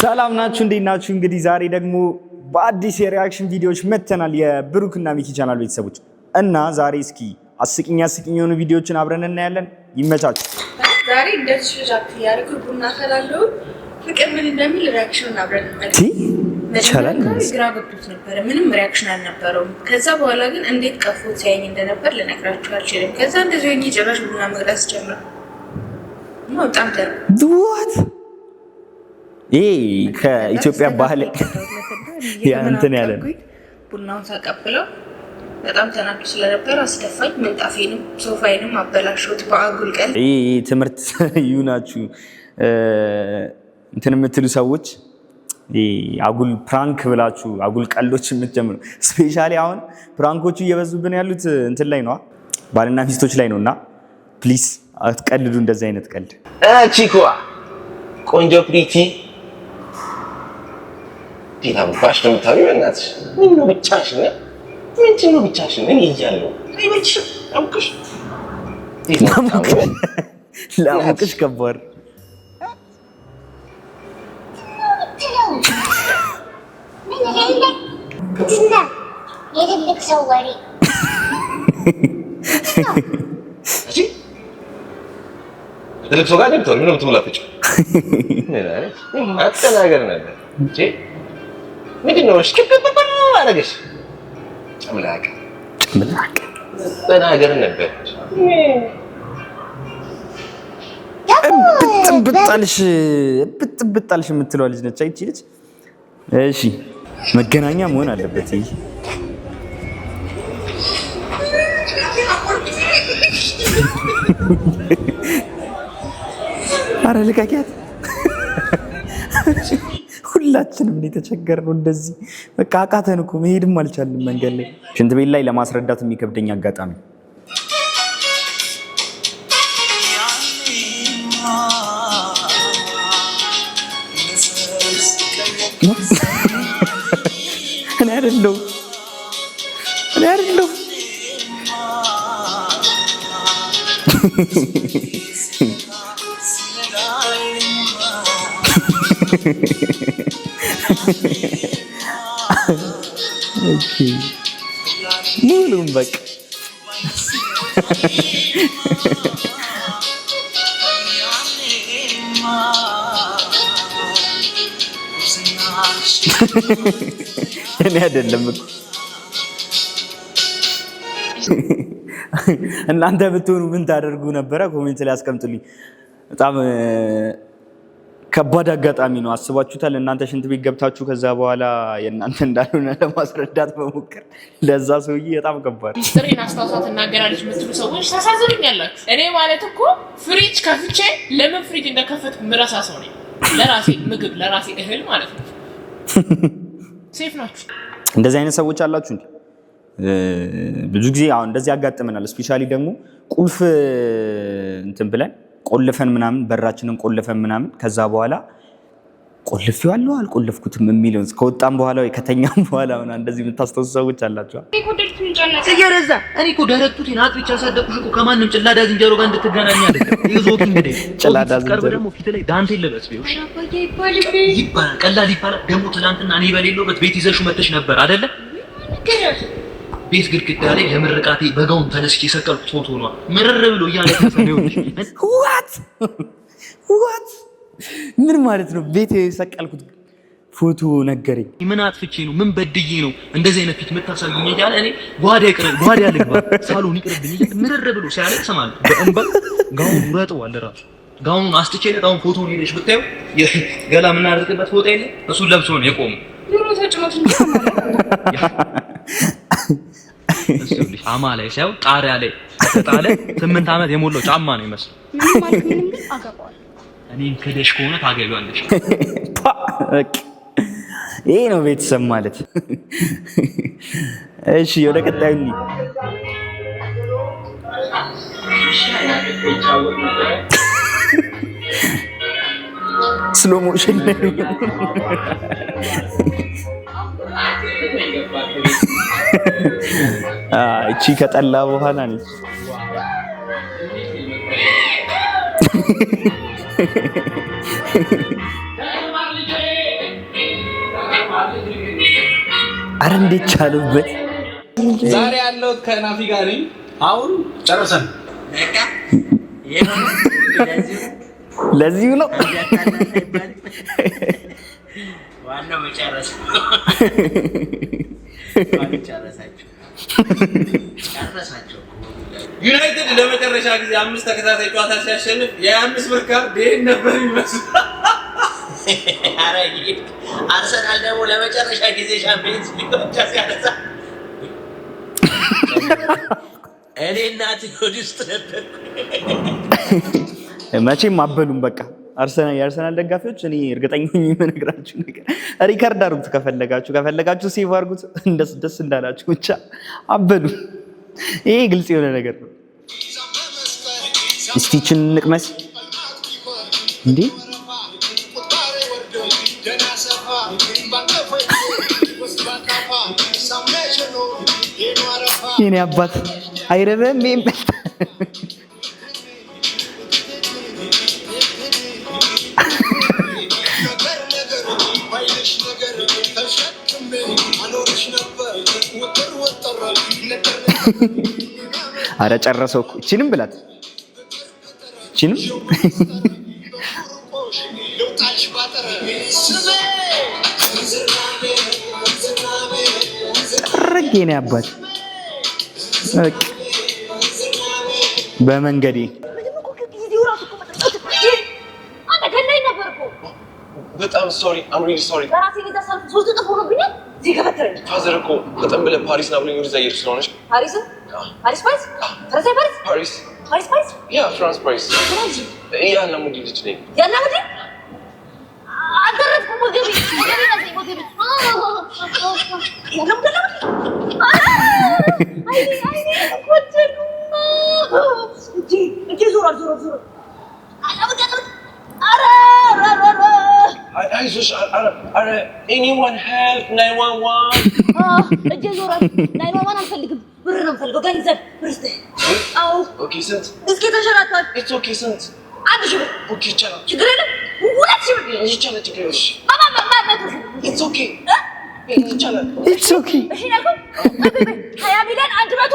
ሰላም ናችሁ፣ እንዴት ናችሁ? እንግዲህ ዛሬ ደግሞ በአዲስ የሪያክሽን ቪዲዮዎች መተናል የብሩክና ሚኪ ቻናል ቤተሰቦች እና ዛሬ እስኪ አስቂኝ አስቂኝ የሆኑ ቪዲዮዎችን አብረን እናያለን። ይመቻችሁ። ዛሬ እንደዚህ ያርኩ ቡና ፈላለሁ ፍቅር ምን እንደሚል ሪያክሽን አብረን ይቻላል ግራ ገብቶት ነበረ። ምንም ሪያክሽን አልነበረውም። ከዛ በኋላ ግን እንዴት ቀፎ ሲያኝ እንደነበር ልነግራችሁ አልችልም። ከዛ እንደዚህ ወኝ ጭራሽ ቡና መቅዳት ስጀምር በጣም ይሄ ከኢትዮጵያ ባህል እንትን ያለ ነው። ቡናውን ተቀብለው በጣም ተናዱ ስለነበር አስደፋኝ። ምንጣፌንም ሶፋዬንም አበላሸሁት በአጉል ቀን። ይህ ትምህርት ይሁናችሁ እንትን የምትሉ ሰዎች አጉል ፕራንክ ብላችሁ አጉል ቀልዶች የምትጀምሩ ስፔሻሊ አሁን ፕራንኮቹ እየበዙብን ያሉት እንትን ላይ ነዋ፣ ባልና ሚስቶች ላይ ነው። እና ፕሊስ አትቀልዱ እንደዚህ አይነት ቀልድ ቺኳ ቆንጆ ፕሪቲ ሌላ ባሽ ነው የምታወሪው? በእናትሽ ምን ነው ብቻሽን? ምንድን ነው ብቻሽን? እኔ እያለሁ አይበልሽም? ከባድ ትልቅ ሰው ጋር ገብተዋል። ምንም ትሙላፍጭ ማጠናገር ነበር ምንድን ነው አደረገሽ? ጭምላቅ ጭምላቅ በናገር ነበር ልጅ ነች። አይቺ ልጅ እሺ፣ መገናኛ መሆን አለበት። ይሄ አረ ልቀቂያት። ሁላችንም የተቸገርነው እንደዚህ በቃ አቃተን እኮ መሄድም አልቻልንም። መንገድ ላይ ሽንት ቤት ላይ ለማስረዳት የሚከብደኝ አጋጣሚ እኔ አይደለሁም እኔ አይደለሁም ሙሉም በቃ እኔ አይደለም እኮ እናንተ ብትሆኑ ምን ታደርጉ ነበረ? ኮሜንት ላይ አስቀምጡልኝ በጣም ከባድ አጋጣሚ ነው። አስባችሁታል? እናንተ ሽንት ቤት ገብታችሁ ከዛ በኋላ የእናንተ እንዳልሆነ ለማስረዳት መሞከር ለዛ ሰውዬ በጣም ከባድ። ሚስጥሬን አስታውሳ ትናገራለች የምትሉ ሰዎች ታሳዝኑኝ ያላችሁ፣ እኔ ማለት እኮ ፍሪጅ ከፍቼ ለምን ፍሪጅ እንደከፈት ምረሳ ሰው ነኝ። ለራሴ ምግብ ለራሴ እህል ማለት ነው። ሴፍ ናችሁ። እንደዚህ አይነት ሰዎች አላችሁ እንዴ? ብዙ ጊዜ እንደዚህ ያጋጥመናል። ስፔሻሊ ደግሞ ቁልፍ እንትን ብለን ቆልፈን ምናምን በራችንን ቆልፈን ምናምን ከዛ በኋላ ቆልፌዋለሁ አልቆልፍኩትም የሚለውን ከወጣም በኋላ ወይ ከተኛም በኋላ ምናምን እንደዚህ የምታስተውሱ ሰዎች አላቸዋል። ስየረዛ እኔ እኮ ደረቱቴን አጥብቼ ያሳደቁሽ እኮ ከማንም ጭላዳ ዝንጀሮ ጋር እንድትገናኝ አለ። ጭላዳ ዝንጀሮ ደግሞ ፊት ላይ ዳንቴን ልበስ ይባላል። ቀላል ይባላል ደግሞ ትላንትና እኔ በሌለበት ቤት ይዘሹ መተሽ ነበር አይደለ? ቤት ግድግዳ ላይ ለምርቃቴ በጋውን ተነስቼ የሰቀልኩት ፎቶ ነው። ምርር ብሎ እያለዋት ዋት ምን ማለት ነው? ቤት የሰቀልኩት ፎቶ ነገረኝ። ምን አጥፍቼ ነው? ምን በድዬ ነው እንደዚህ አይነት ፊት የምታሳዩኝ? እያለ እኔ ጓዳ ጓዳ ልግባ ሳሎን ይቅርብኝ። ምርር ብሎ ሲያለቅስ ማለት በእንበል ጋውን ውረጠዋል ራሱ ጋውኑ አስጥቼ ለታውን ፎቶ ሄደሽ ብታዩ ገላ የምናደርግበት ፎቶ የለ እሱን ለብሶ ነው የቆመው። ጫማ ላይ ሳይሆን ጣሪያ ላይ ተጣለ። ስምንት ዓመት የሞላው ጫማ ነው ይመስል። እኔም ክደሽ ከሆነ ታገቢዋለሽ። ይሄ ነው ቤተሰብ ማለት። እሺ ወደ ቀጣዩ ስሎ ሞሽን እቺ ከጠላ በኋላ ነች። አረ እንዴት ቻሉበት? ዛሬ ያለው ከናፊ ጋር ነኝ። አሁን ጨረሰን። ለዚሁ ነው ዋናው መጨረስ ዩናይትድ ለመጨረሻ ጊዜ አምስት ተከታታይ ጨዋታ ሲያሸንፍ የአምስት ብር ካርድ ይሄን ነበር ይመስል። አርሰናል ደግሞ ለመጨረሻ ጊዜ ሻምፒየንስ ሊግ ዋንጫ ሲያነሳ እኔ እናት ሆድ ውስጥ ነበር። መቼም አበሉም በቃ የአርሰናል ደጋፊዎች እኔ እርግጠኛ ነኝ የምነግራችሁ ነገር ሪከርድ አድርጉት። ከፈለጋችሁ ከፈለጋችሁ ሴቭ አርጉት እንደስ ደስ እንዳላችሁ ብቻ አበዱ። ይሄ ግልጽ የሆነ ነገር ነው። ስቲችን ንቅመስ እንዴ! የኔ አባት አይረበም ይሄም አረ ጨረሰው እኮ እቺንም ብላት እቺንም ጥርግ ነው አባት በመንገዴ በጣም ሶሪ አም ሪሊ ሶሪ Дигаратор. Тазараку. Хатам биле Парис наблин юрза ерсонош. Парис? Парис Парис? Франция Парис? Парис. Парис Парис? Я Франс Парис. Франс. Я на муди личный. Я на муди? Адаратку муди личный. Я на муди личный. Я на муди личный. Ay ay ne kaçırdım. Öte öte zor zor zor. I just, I, I, I, anyone have 911? ናይሮማን አንፈልግም፣ ብር ነው የምፈልገው፣ ገንዘብ ብር። እስኪ አዎ፣ ኦኬ፣ ስንት? እስኪ ተሸራቷል። ኢትስ ኦኬ፣ ስንት? አንድ ሺህ ብር። ኦኬ፣ ይቻላል፣ ችግር የለም። ሁለት ሺህ ብር ይቻላል፣ ችግር የለም። ኢትስ ኦኬ፣ ይቻላል፣ ኢትስ ኦኬ። እሺ፣ ነገሩ ሀያ ሚሊዮን አንድ መቶ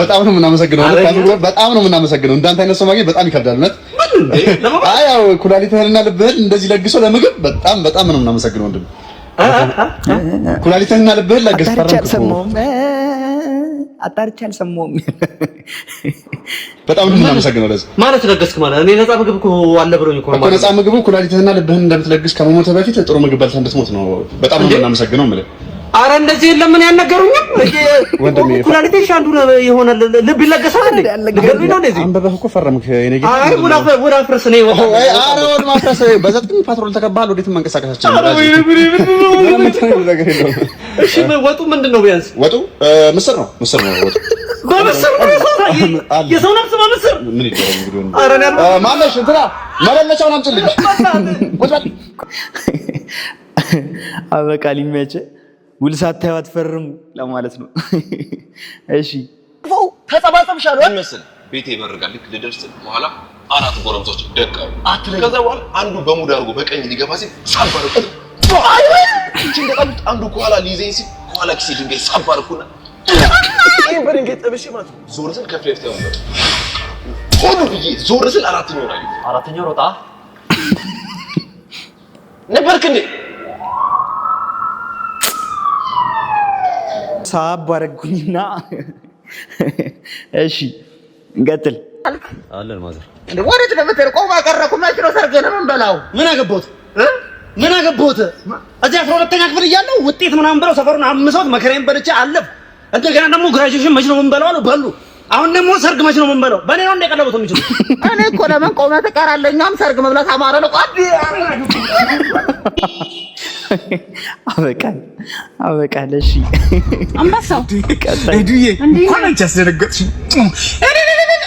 በጣም ነው የምናመሰግነው። በጣም ነው የምናመሰግነው። እንዳንተ አይነት ሰው ማግኘት በጣም ይከብዳል። እውነት አይ ያው ኩላሊትህንና ልብህን እንደዚህ ለግሶ ለምግብ በጣም በጣም ነው የምናመሰግነው ወንድም። ኩላሊትህንና ልብህን ለግስ አጣርቼ አልሰማሁም። በጣም ነው የምናመሰግነው። ለዚህ ማለት ለገስክ ማለት እኔ ነፃ ምግብ አለ ብሎኝ እኮ ነው። ነፃ ምግቡ ኩላሊትህንና ልብህን እንደምትለግስ ከመሞተ በፊት ጥሩ ምግብ በልተህ እንድትሞት ነው። በጣም ነው የምናመሰግነው የምልህ አረ እንደዚህ የለም። እኔ ያልነገሩኝም ኩላሊቴ ሻንዱ የሆነ ልብ ይለገሳል እንዴ? ነው እንደዚህ እኮ ፈረምክ። አይ ነው። አይ አረ ማፍረስ በዘጠኝ ፓትሮል ተከባል። ወዴት መንቀሳቀሳችን? እሺ ወጡ ምንድን ነው? ቢያንስ ወጡ ነው። ነው ወጡ ነው። የሰው ነፍስ ምን ይደረግ አረ አበቃ ውል ሳታዩ አትፈርሙ ለማለት ነው። እሺ ተጸባጸብሻል ወይ መሰለህ? ቤቴ ይበርጋል። ልክ ልደርስ በኋላ አራት ጎረምሶች ደቃሉ። ከዛ በኋላ አንዱ በሙድ አድርጎ በቀኝ ሊገባ ሲል ሳብ አደረኩት። አንዱ ከኋላ ሊይዘኝ ሲል ከኋላ ኪሴ ድንጋይ ሳብ አደረኩና በድንጋይ ጠብሼ ማለት ነው። ዞር ስል ከፊት ለፊት ያመጡ ሆኑ ብዬ ዞር ስል አራተኛው ራ አራተኛው ሮጣ ነበርክ እንዴ? ሳብ አደረጉኝና፣ እሺ እንቀጥል። አለን ማዘር ወዴት ነው የምትሄድ? ቆማ መች ነው ነው የምንበላው? ምን አገባሁት ምን አገባሁት? እዚህ አስራ ሁለተኛ ክፍል እያለሁ ውጤት ምናምን ብለው ሰፈሩን አምሰውት መከራዬን በልቼ አለፍ። እንደገና ደግሞ ግራጁዌሽን መች ነው የምንበላው አሉ በሉ አሁን ደግሞ ሰርግ መች ነው የምንበለው? በእኔ ነው እንደቀለቡት የሚችሉ እኔ እኮ ለምን ቆመ ትቀራለህ? እኛም ሰርግ መብላት አማረ ነው። ቆድ አበቃል፣ አበቃል። እሺ አንበሳው ቀጣይ ዱዬ እንኳን አንቺ አስደነገጥሽ።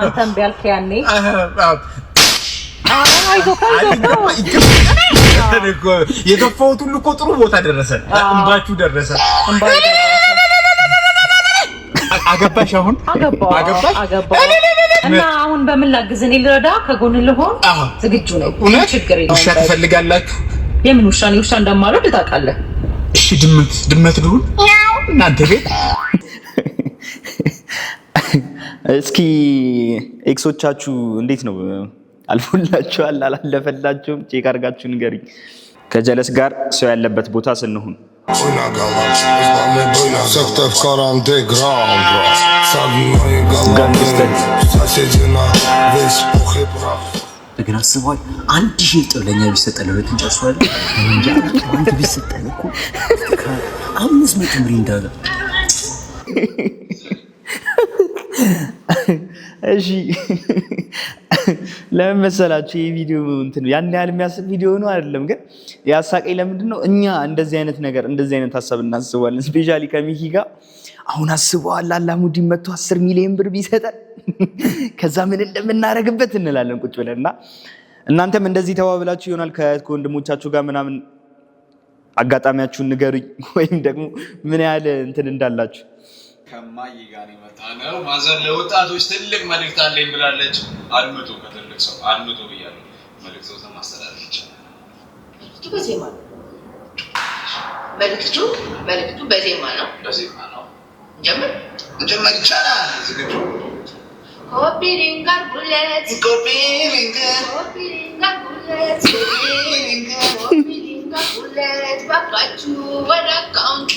አንተም የገፋሁት ሁሉ እኮ ጥሩ ቦታ ደረሰ። እንባችሁ ደረሰ። አገባሽ አሁን አገባሽ እና አሁን በምን ላግዝ? እኔ ልረዳ ከጎን ልሆን ዝግጁ ነው። ችግር ውሻ ትፈልጋላችሁ? የምን ውሻ? ውሻ እንደማልወድ ታውቃለህ። እሺ ድመት ድመት ልሁን እናንተ ቤት እስኪ ኤክሶቻችሁ እንዴት ነው አልፎላችኋል አላለፈላችሁም? ቼክ አድርጋችሁ ንገሪኝ። ከጀለስ ጋር ሰው ያለበት ቦታ ስንሆን ግን አስበዋል። አንድ ሺህ ጥር ለእኛ ቢሰጠ ለሁለት እንጨርሰዋል። አንድ ቢሰጠ እኮ አምስት መቶ ብር እንዳለ እሺ ለምን መሰላችሁ? ይህ ቪዲዮ እንትን ያን ያህል የሚያስብ ቪዲዮ ነው አይደለም፣ ግን የአሳቀኝ ለምንድን ነው እኛ እንደዚህ አይነት ነገር እንደዚህ አይነት ሀሳብ እናስባለን። ስፔሻሊ ከሚኪ ጋር አሁን አስበዋል። አላሙዲ መቶ አስር ሚሊዮን ብር ቢሰጠን ከዛ ምን እንደምናደርግበት እንላለን ቁጭ ብለን እና እናንተም እንደዚህ ተባብላችሁ ይሆናል ከወንድሞቻችሁ ጋር ምናምን አጋጣሚያችሁን ንገሩኝ፣ ወይም ደግሞ ምን ያህል እንትን እንዳላችሁ ከማይ ጋር የመጣ ነው። ማዘር ለወጣቶች ትልቅ መልእክት አለኝ ብላለች። አድምጡ፣ ከትልቅ ሰው አድምጡ ብያለሁ። መልእክቶትን ማስተላለፍ ይቻላል። በዜማ መልእክቱ መልእክቱ በዜማ ነው። በዜማ ነው። ጀምር ጀምር ይቻላል። ዝግጁ ኮፒሪንጋር ቡለት ኮፒሪንጋር ኮፒሪንጋር ቡለት ኮፒሪንጋር ባካችሁ ወደ አካውንቱ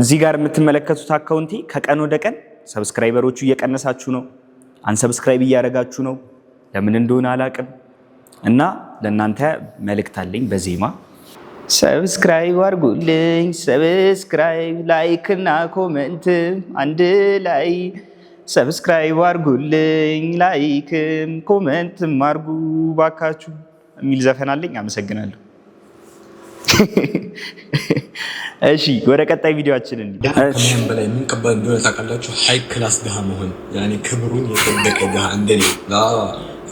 እዚህ ጋር የምትመለከቱት አካውንቴ ከቀን ወደ ቀን ሰብስክራይበሮቹ እየቀነሳችሁ ነው፣ አንሰብስክራይብ እያደረጋችሁ ነው። ለምን እንደሆነ አላቅም እና ለእናንተ መልእክት አለኝ በዜማ ሰብስክራይብ አድርጉልኝ። ሰብስክራይብ ላይክ እና ኮመንትም አንድ ላይ ሰብስክራይብ አድርጉልኝ። ላይክም ኮመንትም አድርጉ ባካችሁ የሚል ዘፈን አለኝ። አመሰግናለሁ። እሺ ወደ ቀጣይ ቪዲዮችን ከምንም በላይ ምን ከባድ እንደሆነ ታውቃላችሁ? ሀይ ክላስ ድሃ መሆን ያኔ ክብሩን የጠበቀ ድሃ እንደኔ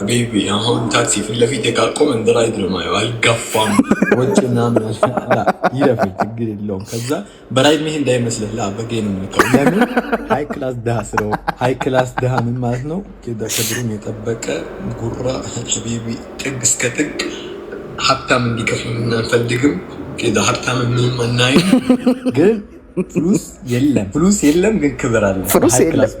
ቤቢ አሁን ታክሲ ፊት ለፊት የቃቆም እንድራ ይድርማየ አልጋፋም ወጭ ምናምን ይለፈኝ ችግር የለውም። ከዛ በራይድ መሄድ እንዳይመስልህ ላ በጌ ነው ምልከው ለምን ሀይ ክላስ ድሃ ስለው ሀይ ክላስ ድሃ ምን ማለት ነው? ክብሩን የጠበቀ ጉራ ቤቢ ጥግ እስከ ጥግ ሀብታም እንዲከፍ እናንፈልግም። ሀብታም የሚም አናይ ግን ፍሉስ የለም ፍሉስ የለም ግን ክብር አለ። ፍሉስ የለም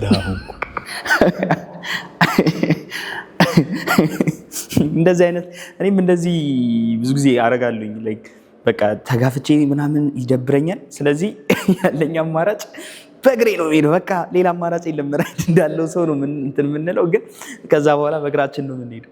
እንደዚህ አይነት እኔም እንደዚህ ብዙ ጊዜ አረጋለኝ። በቃ ተጋፍቼ ምናምን ይደብረኛል። ስለዚህ ያለኝ አማራጭ በእግሬ ነው የምሄደው። በቃ ሌላ አማራጭ የለም። እንዳለው ሰው ነው እንትን የምንለው፣ ግን ከዛ በኋላ በእግራችን ነው የምንሄደው።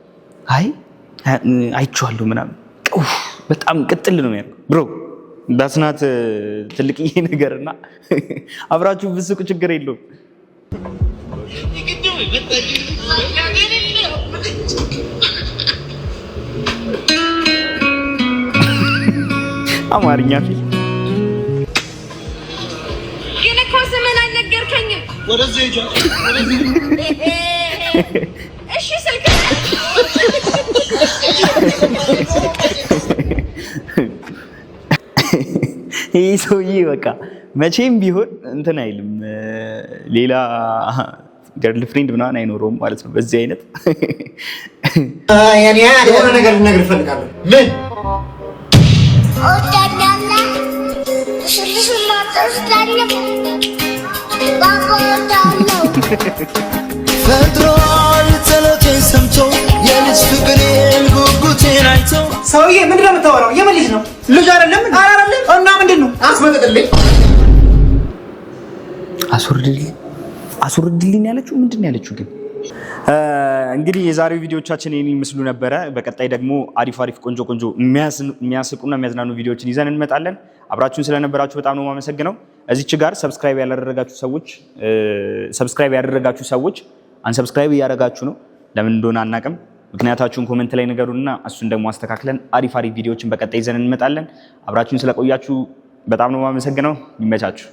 አይ አይቼዋለሁ ምናምን በጣም ቅጥል ነው ያልኩት። ብሮ ዳስናት ትልቅዬ ነገር እና አብራችሁ ብስቁ ችግር የለውም። አማርኛ ፊል ግን እኮ ስምን አልነገርከኝም። ይህ ሰውዬ በቃ መቼም ቢሆን እንትን አይልም፣ ሌላ ገርል ፍሬንድ ምናምን አይኖረውም ማለት ነው። በዚህ አይነት የሆነ ነገር ልነግርህ እፈልጋለሁ። ምን ፈጥሯል ጸሎቴን ሰምቶ የልጅ ፍቅሬን ተገናኝተው ሰውዬ ምንድን ነው የምታወራው? የምን ልጅ ነው? ልጅ አይደለም አይደለም። እና ምንድን ነው አስመጥጥልኝ፣ አስወርድልኝ፣ አስወርድልኝ ያለችው ምንድን ነው ያለችው? ግን እንግዲህ የዛሬው ቪዲዮቻችን ይህን ይመስሉ ነበረ። በቀጣይ ደግሞ አሪፍ አሪፍ ቆንጆ ቆንጆ የሚያስቁና የሚያዝናኑ ቪዲዮዎችን ይዘን እንመጣለን። አብራችሁን ስለነበራችሁ በጣም ነው የማመሰግነው። እዚች ጋር ሰብስክራይብ ያላደረጋችሁ ሰዎች ሰብስክራይብ ያደረጋችሁ ሰዎች አንሰብስክራይብ እያደረጋችሁ ነው። ለምን እንደሆነ አናውቅም። ምክንያታችሁን ኮመንት ላይ ንገሩና እሱን ደግሞ አስተካክለን አሪፍ አሪፍ ቪዲዮዎችን በቀጣይ ይዘን እንመጣለን። አብራችሁን ስለቆያችሁ በጣም ነው የማመሰግነው። ይመቻችሁ።